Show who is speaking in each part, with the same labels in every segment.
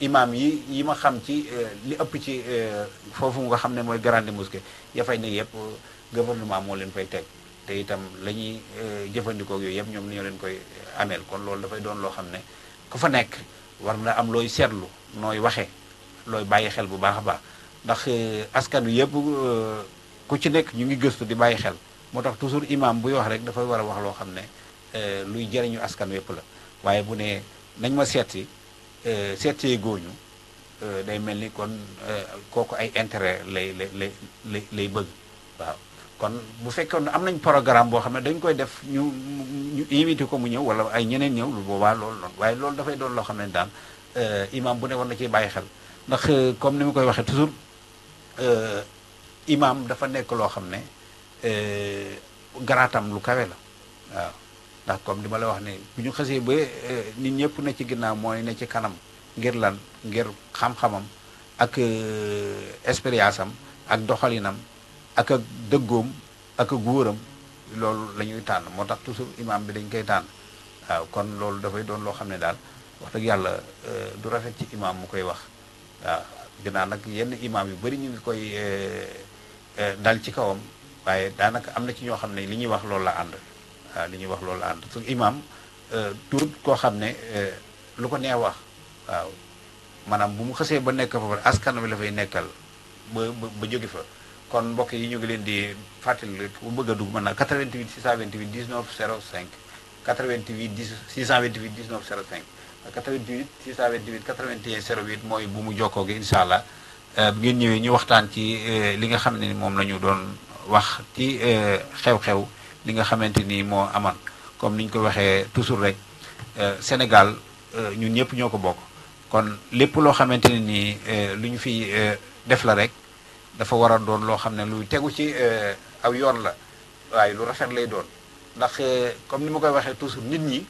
Speaker 1: imaam yi yi ma xam ci euh, li ëpp ci euh, foofu nga xam ne mooy grande mosquée ya fay ne yëpp gouvernement moo leen fay teg te itam la ñuy euh, jëfandikoo yooyu yëpp ñoom ñoo leen koy ameel kon loolu dafay doon loo xam ne ko fa nekk war na am looy seetlu nooy waxee looy bàyyi xel bu baax a baax ndax askan wi yëpp ku ci nekk ñu ngi gëstu di bàyyi xel moo tax toujours imaam buy wax rek dafay war a wax loo xam ne luy jëriñu askan wépp la waaye bu ne nañ ma seet Euh, seetee gooñu euh, day mel ni kon euh, kooku ay intérêt lay lay lay bëgg waaw kon bu fekkoon am nañ programme boo xam ne dañ koy def ñu ñu ko mu ñëw wala ay ñeneen ñëw lu boobaa loolu noonu waaye loolu dafay doon loo xam ne daal imam bu ne war na ciy bàyyi xel ndax comme ni ma koy waxee toujours imam dafa nekk loo xam ne garaatam lu kawe la waaw ndax comme li ma la wax ne bu ñu xasee ba eh, nit ñëpp ne ci ginnaaw mooy ne ci kanam ngir lan ngir xam ak eh, expérience am ak doxalinam ak ak ak ak loolu la ñuy tànn moo tax toujours imaam bi dañ koy tànn kon loolu dafay doon loo xam ne daal wax dëgg yàlla eh, du rafet ci imaam mu koy wax waaw ginnaaw nag yenn imaam yu bari ñu ngi koy dal ci kawam waaye daanaka am na ci ñoo xam ne li ñuy wax loolu la ànd waaw euh, li ñuy wax loolu ànd su imaam euh, tuut koo xam ne euh, lu ko nee wax waaw maanaam bu mu xësee ba nekk fa askan wi la fay nekkal ba ba jóge fa kon mbokk yi ñu ngi leen di fàttali ku bëgg a dugg mën naa 88 628 19 05 88 10 628 19 05 88 628 81 08 mooy bu mu jokkoo gi incha allah bu ngeen ñëwee ñu waxtaan ci li nga xam ne moom la ñu doon wax ci xew-xew. li nga xamante ni moo amoon comme ni ñu ko waxee toujours rek euh, Sénégal euh, ñun ñëpp ñoo ko bokk kon lépp loo xamante ne nii euh, lu ñu fi def la rek dafa war a doon loo xam ne lu tegu ci aw yoon la waaye lu rafet lay doon ndax comme ni ma koy waxee toujours nit ñi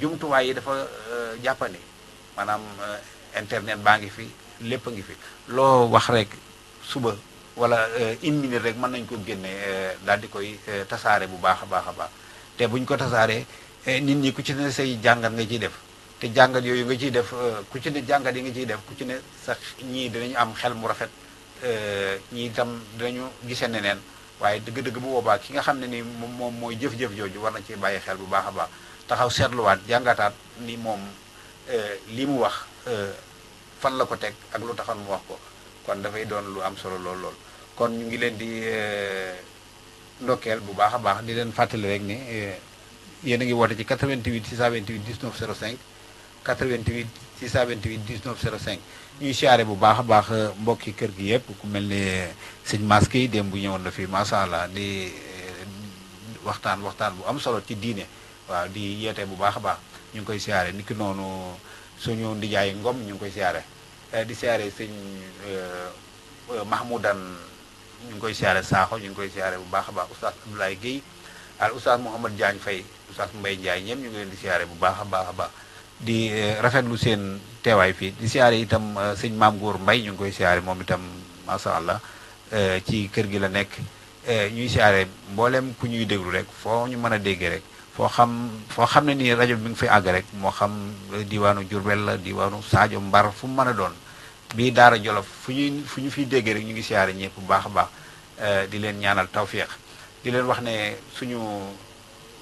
Speaker 1: jumtuwaay yi dafa jàppane maanaam internet baa ngi fi lépp a ngi fi loo wax rek suba. wala euh, une minute rek mën nañ ko génne euh, daal di koy euh, tasaare bu baax a baax a baax te buñ ko tasaaree nit ñi ku ci ne say jàngat nga ciy def te jàngat yooyu nga ciy def ku ci ne jàngat yi nga ciy def ku ci ne sax ñii dinañu am xel mu rafet ñii itam dinañu gisee neneen waaye dëgg-dëgg bu boobaa ki nga xam ne ni moom mooy jëf-jëf jooju war na ci bàyyi xel bu baax a baax taxaw seetluwaat jàngataat ni moom li mu wax fan la ko teg ak lu taxoon mu wax ko kon dafay doon lu am solo lool lool kon ñu ngi leen di eh, ndokkeel bu baax a baax di leen fàttali rek ne eh, yéen a ngi woote ci 88 628 19 05 88 628 19 05 ñuy siyaare bu baax a baax eh, mbokki kër gi yëpp ku mel ni sëñ masque yi démb bu ñëwoon na fi macha allah di waxtaan waxtaan bu am solo ci diine waaw di yeete bu baax a baax ñu ngi koy siyaare niki noonu suñu ndijaay ngom ñu ngi koy siyaare. Eh, di siyaare sëñ eh, eh, Mahmoudan ñu ngi koy siyaare Sakho ñu ngi koy siyaare bu baax a baax oustaz Abdoulaye Guèye al oustaz Mouhamad Diagne Faye oustaz Mbaye Ndiaye ñëpp ñu ngi leen di siyaare bu baax a baax a baax di rafetlu seen teewaay fii di siyaare itam sëñ Maam Góor Mbaye ñu ngi koy siyaare moom itam macha allah ci kër gi la nekk ñuy siyaare mbooleem ku ñuy déglu rek foo ñu mën a déggee rek foo xam foo xam ne nii rajo mu ngi fay àgg rek moo xam diwaanu Diourbel la diwaanu saajo Mbar fu mu mën a doon bii daara jolof fu ñuy fu ñu fi déggee rek ñu ngi siyaare ñëpp bu baax a baax eh, di leen ñaanal tawféex di leen wax ne suñu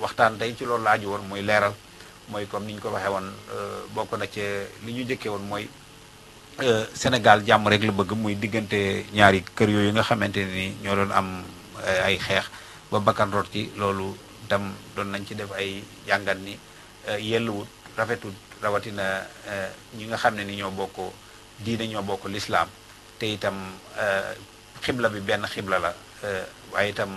Speaker 1: waxtaan tey ci loolu laaju woon mooy leeral mooy comme ni ñu ko waxee woon eh, bokk na ci li ñu njëkkee woon mooy eh, Sénégal jàmm rek bëgg muy diggante ñaari kër yooyu nga xamante ni ñoo doon am ay xeex ba bakkan ci loolu tam doon nañ ci def ay jàngat ni yelluwut rafetut rawatina ñi nga xam ne ni ñoo bokk. diine ñoo bokk lislaam te itam euh, xibla bi benn xibla la euh, waaye itam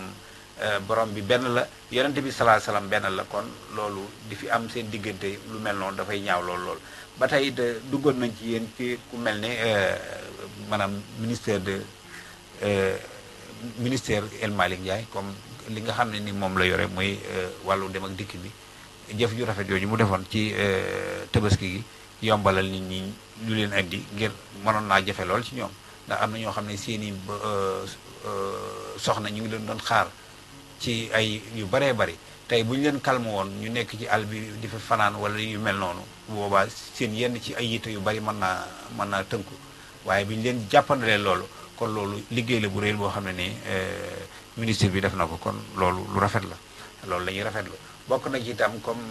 Speaker 1: euh, borom bi benn la yonente bi salaa salaam benn la kon loolu di fi am seen diggante lu mel noonu dafay ñaaw lool lool ba tey it duggoon nañ ci yéen ci ku mel ni maanaam ministère de ministère El Malick Ndiaye comme li nga xam ne ni moom la yore mooy wàllu dem ak dikk bi jëf ju rafet yooyu mu defoon ci tabaski gi yombalal nit ñi lu leen indi ngir mënoon naa jafe lool ci ñoom ndax am na ñoo xam ne seeni euh, euh, soxna ñu ngi leen doon xaar ci ay yu baree bari tey bu ñu leen calme woon ñu nekk ci àll bi di fa fanaan wala yu mel noonu boobaa seen yenn ci ay yitte yu bari mën naa mën naa tënku waaye bu ñu leen jàppandalee loolu kon loolu liggéey la bu réel boo xam ne ni euh, ministre bi def na ko kon loolu lu rafet la loolu lañuy rafet rafetlu bokk na ci itam comme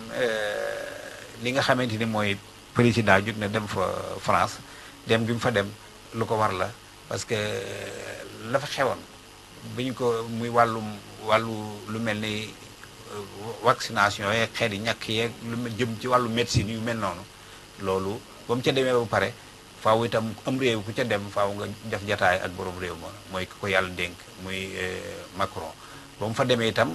Speaker 1: li nga xamante ni président jug na dem fa France dem gi mu fa dem lu ko war la parce que euh, la fa xewoon bi ñu ko muy wàllum wàllu lu mel ni euh, vaccination yeeg xeet yi ñàkk yeeg lu jëm ci wàllu médecine yu mel noonu loolu ba mu ca demee ba pare faaw itam am réew ku ca dem faaw nga def jataay ak borom réew ma mooy ku ko yàlla dénk muy euh, Macron ba mu fa demee itam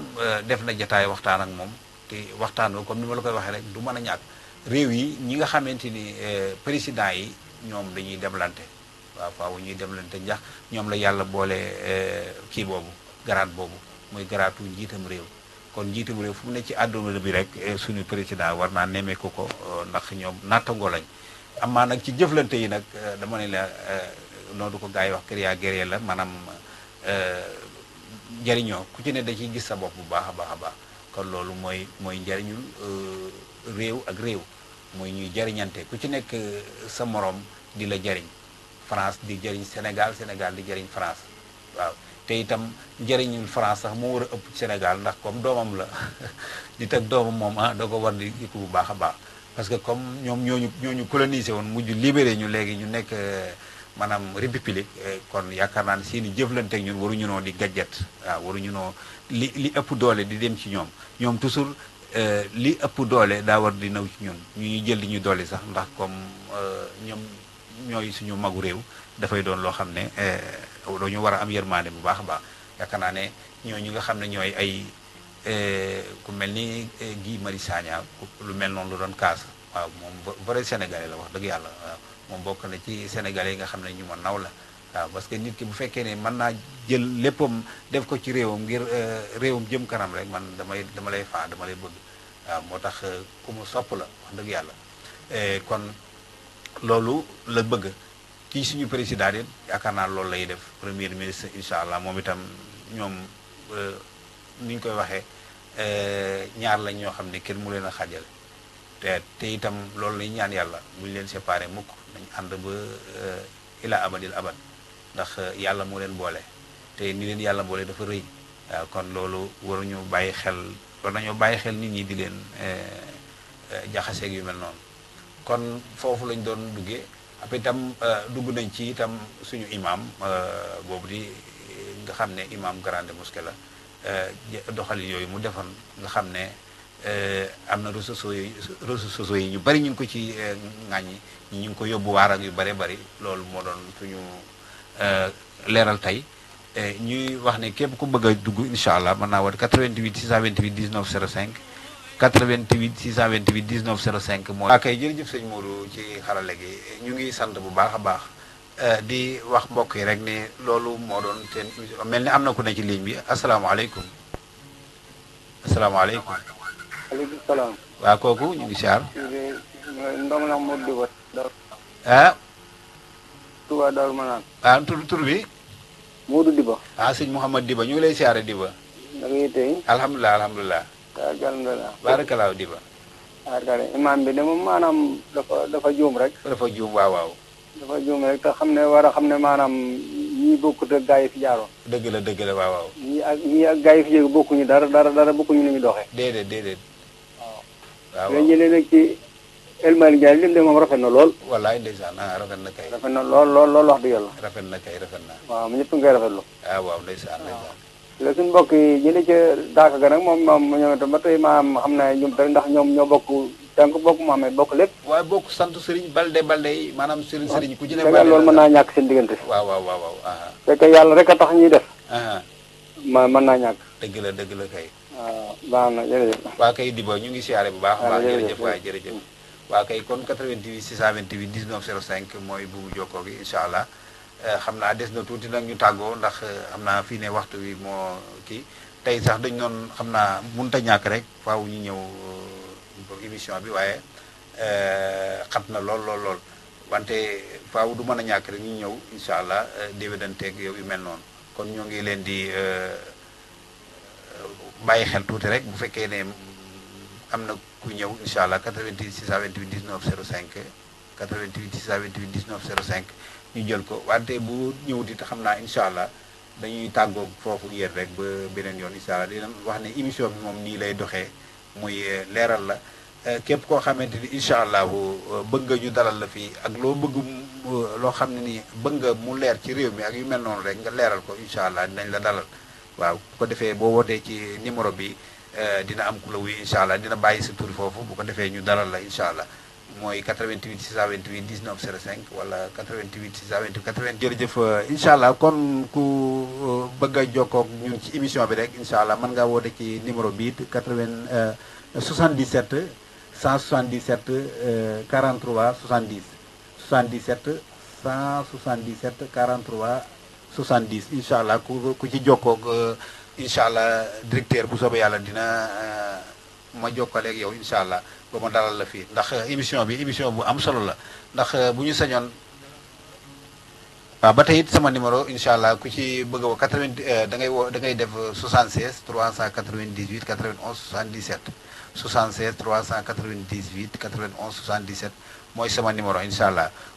Speaker 1: def na jataay waxtaan ak moom te waxtaan comme ni ma la koy waxee rek du mën a ñàkk réew yi ñi nga xamante ni euh, président yi ñoom dañuy demlante waaw faaw ñuy demlante njax ñoom la yàlla boole euh, kii boobu garaat boobu muy garaatu njiitam réew kon njiitam réew fu mu ne ci àdduna bi rek euh, suñu prisident war naa nemmeeku ko ndax ñoom nattango lañ amaa nag ci jëflante yi nag dama ne la noo du ko gars yi wax kër yaa géré la maanaam njëriñoo ku ci ne da ciy gis sa bopp bu baax a baax a baax kon loolu mooy mooy njëriñul réew ak réew mooy ñuy jariñante ku ci nekk euh, sa moroom di la jariñ France di jariñ Sénégal Sénégal di jariñ France waaw te itam jariñul France sax moo war a ëpp Sénégal ndax comme doomam la di teg doomam moom ah da ko war di ku bu baax a baax parce que comme ñoom ñooñu ñooñu colonisé woon mujj libéré ñu léegi ñu nekk euh, maanaam république euh, kon yaakaar naa ne seen i jëflante ak ñun waruñu noo di gadget waaw waruñu noo li li ëpp doole di dem ci ñoom ñoom toujours Euh, li ëpp doole daa war di naw ci ñun ngi jël li ñuy doole sax ndax comme euh, ñoom ñooy suñu magu réew dafay doon loo xam ne euh, dañu war a am yërmaande bu baax a baax yaakaar naa ne ñooñu nga xam ne ñooy ay ku mel ni gii Marius Sagna lu mel noonu lu doon kaas waaw moom vrai sénégalais la wax dëgg yàlla moom bokk na ci sénégalais yi nga xam ne ñu ma naw la waaw parce que nit ki bu fekkee ne mën naa jël léppam def ko ci réewam ngir euh, réewum jëm kanam rek man damay dama lay faa dama lay bëgg waaw moo tax euh, ku mu sopp la wax dëgg yàlla euh, kon loolu la bëgg kii suñu président it yaakaar naa loolu lay def premier ministre incha allah moom itam ñoom ni koy waxee ñaar lañ ñoo xam ne kenn mu leen a xaajale te te itam loolu lañ ñaan yàlla bu ñu leen séparé mukk nañ ànd ba ila abadil abad ndax eh, yàlla moo leen boole te ni leen yàlla boole dafa rëy waaw kon loolu ñu bàyyi xel war nañoo bàyyi xel nit ñi di leen eh, eh, jaxaseeg yu mel noonu kon foofu lañ doon duggee après itam dugg nañ ci itam suñu imam boobu di nga xam ne imaam grande mosquée la doxalin yooyu mu defoon nga xam ne am na réseaux sociaux yi réseaux sociaux yi ñu bari ñu ngi ko ci ŋàññi ñu ngi ko yóbbu waar yu bare bari loolu moo doon suñu Euh, leeral tey ñuy wax ne képp ku bëgg a dugg incha allah mën naa woote 88 628 19 05 88 628 19 05 mooy. waaw ah, kay jëf sëñ Modou ci xarala gi ñu ngi sant bu baax a baax euh, di wax mbokk yi rek ni loolu moo doon seen mel ni am na ku ne ci ligne bi asalaamaaleykum asalaamaaleykum. waaleykum salaam. waaw kooku ñu ngi siyaar. Ndong la Touba Darou Manane. ah tur tur bi. Modou Diba. ah sëñ Mouhamad Diba ñu ngi lay siyaare Diba. naka yittee. alhamdulilah alhamdulilah. alhamdulilah. barakalaaw Diba. waaw imaam bi de moom maanaam dafa dafa juum rek. dafa juum waaw waaw. dafa juum rek te xam ne war a xam ne maanaam ñii bokkut ak gaa yi fi jaaroon. dëgg la dëgg la waaw waaw. ak ñii ak gaa yi fi jóge bokkuñu dara dara dara bokkuñu ni ñu doxee. déedéet déedéet. waaw waaw léegi nag ci El Malick Ndiaye lim de moom rafet na lool. wallaay ndeysaan ah rafet na kay. rafet na lool lool lool wax dëgg yàlla. rafet na kay rafet na. waaw ñëpp ngay rafetlu. ah waaw ndeysaan ndeysaan. léegi suñu mbokk yi ñu ne ca daaka ga nag moom moom ñoom itam ba tey maam xam na ñoom tamit ndax ñoom ñoo bokk tànk bokk Mouhamed bokk lépp. waaye bokk sant Serigne Balde Balde yi maanaam Serigne Serigne ku ci ne. Balde loolu mën naa ñàkk seen diggante. waaw waaw waaw waaw. Ah. fekk yàlla rek a tax ñuy def. Ah. ma mën naa ñàkk. dëgg la dëgg la kay. waaw baax na jërëjëf. waa kay Diba ñu ngi siyaare bu baax. waaw jërëjëf waaw jërëjëf waaw kay kon 88 628 19 05 mooy bu jokkoo gi incha allah eh, xam naa des na tuuti nag ñu tàggoo ndax eh, xam naa fii ne waxtu wi moo kii tey sax dañ noon xam naa mënta ñàkk rek faw ñu ñëw eh, émission bi waaye xat na lool lool lool wante faaw du mën a ñàkk rek ñu ñëw incha allah déwénanteeg yow yu mel noonu kon ñoo ngi leen di bàyyi xel tuuti rek bu fekkee ne. am na ku ñëw incha allah 88 628 19 05 88 628 19 05 ñu jël ko wante bu ñëwut it xam naa incha allah dañuy tàggoo foofu yéen rek ba beneen yoon incha allah dina wax ne émission bi moom nii lay doxee muy euh, leeral la euh, képp koo xamante ni incha allahu euh, bëgg nga ñu dalal la fii ak loo bëgg loo xam ne nii bëgg nga mu leer ci réew mi ak yu mel noonu rek nga leeral ko incha allah dinañ la dalal waaw bu ko defee ci numéro bi. Euh, dina am ku la wuyu incha allah dina bàyyi sa foofu bu ko defee ñu dalal la incha allah mooy 88 628 19 05 wala 88 628 80 jërëjëf euh, incha allah kon ku euh, bëgg a jokkoo ñun ci émission bi rek incha allah mën ngaa woote ci numéro bii 80 77 177 43 70 77 177 43 70 incha allah ku ku ci jokkoo ak. incha allah directeur bu soobee yàlla dina euh, ma jokkale ak yow incha allah ba ma dalal la fii ndax euh, émission bi émission bu am solo la ndax euh, bu ñu sañoon waaw ba tey it sama numéro incha allah ku ci bëgg a woo 80 da ngay woo da ngay def 76 398 91 77 76 398 91 77 mooy sama numéro incha allah.